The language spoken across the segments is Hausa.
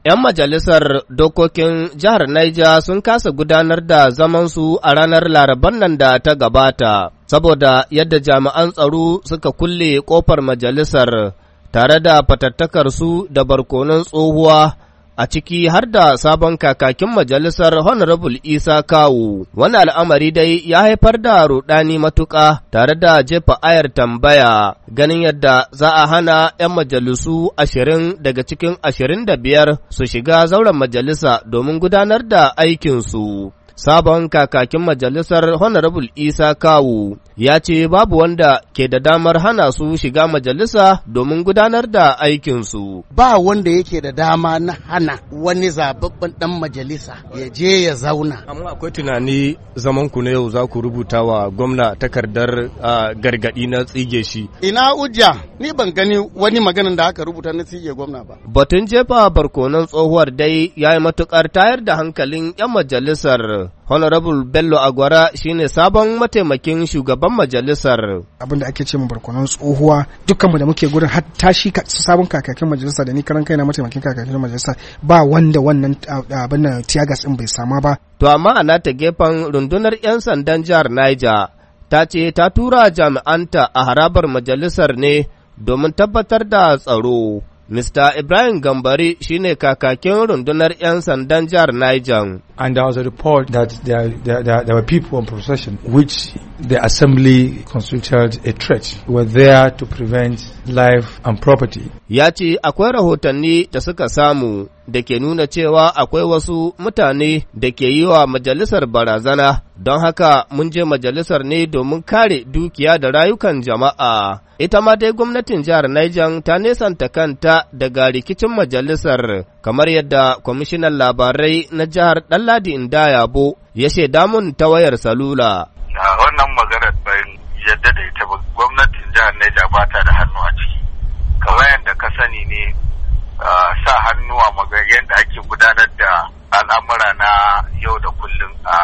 ‘Yan majalisar dokokin jihar Naija sun kasa gudanar da zamansu a ranar laraban nan da ta gabata, saboda yadda jami'an tsaro suka kulle ƙofar majalisar tare da fatattakarsu da barkonon tsohuwa a ciki har da sabon kakakin majalisar Honorable Isa Kawu. Wani al'amari dai ya haifar da rudani matuƙa tare da jefa ayar tambaya ganin yadda za a hana 'yan majalisu ashirin daga cikin ashirin da biyar su shiga zauren majalisa domin gudanar da aikinsu. Sabon kakakin majalisar Honorable Isa Kawu ya ce babu wanda ke da damar hana su shiga majalisa domin gudanar da aikinsu. Ba wanda yake da dama na hana wani zababben dan majalisa ya je ya zauna. Amma akwai tunani zaman ku na yau za ku rubuta wa gwamna takardar gargadi na tsige shi. Ina ujja ni ban gani wani maganin da aka rubuta na tsige gwamna ba. Batun jefa barkonon tsohuwar dai ya yi matuƙar tayar da hankalin 'yan majalisar Honorable Bello Agwara shine sabon mataimakin shugaban majalisar. Abin da ake ce mu barkonon tsohuwa dukkanmu da muke gurin har tashi sabon kakakin majalisa da ni karan kaina mataimakin kakakin majalisa ba wanda wannan abin nan tiyagas din bai sama ba. To amma a nata gefen rundunar 'yan sandan jihar Niger ta ce ta tura jami'anta a harabar majalisar ne domin tabbatar da tsaro. Mr. Ibrahim Gambari shine kakakin rundunar 'yan sandan jihar Niger. And there was a report that there, there, there, there were people in procession which the assembly constituted a threat were there to prevent life and property. Ya ce akwai rahotanni da suka samu da ke nuna cewa akwai wasu mutane da ke yi wa majalisar barazana don haka mun je majalisar ne domin kare dukiya da rayukan jama'a. Ita ma dai gwamnatin jihar Niger ta nesanta kanta daga rikicin majalisar kamar yadda kwamishinan labarai na jihar Ɗalla Ladi Inda Yabo ya shaida damun ta wayar salula. A wannan maganar bayan yadda da ita ba gwamnatin jihar Neja ba ta da hannu a ciki. Kamar yadda ka sani ne sa hannu a yadda ake gudanar da al'amura na yau da kullum a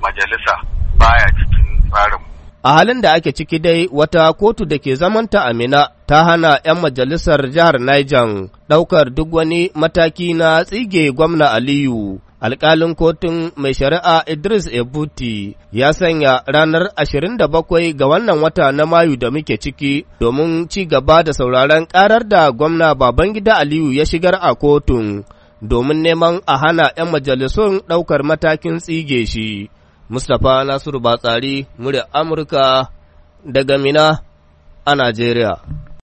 majalisa baya cikin tsarin A halin da ake ciki dai wata kotu da ke zamanta Amina ta hana 'yan majalisar jihar Niger ɗaukar duk wani mataki na tsige gwamna Aliyu alƙalin kotun mai shari'a Idris Ebuti ya sanya ranar 27 ga wannan wata na Mayu da muke ciki domin ci gaba da sauraron ƙarar da gwamna Babangida Aliyu ya shigar a kotun domin neman a hana 'yan majalisun ɗaukar matakin tsige shi. Mustapha Nasiru Batsari, murya Amurka daga Mina a Najeriya.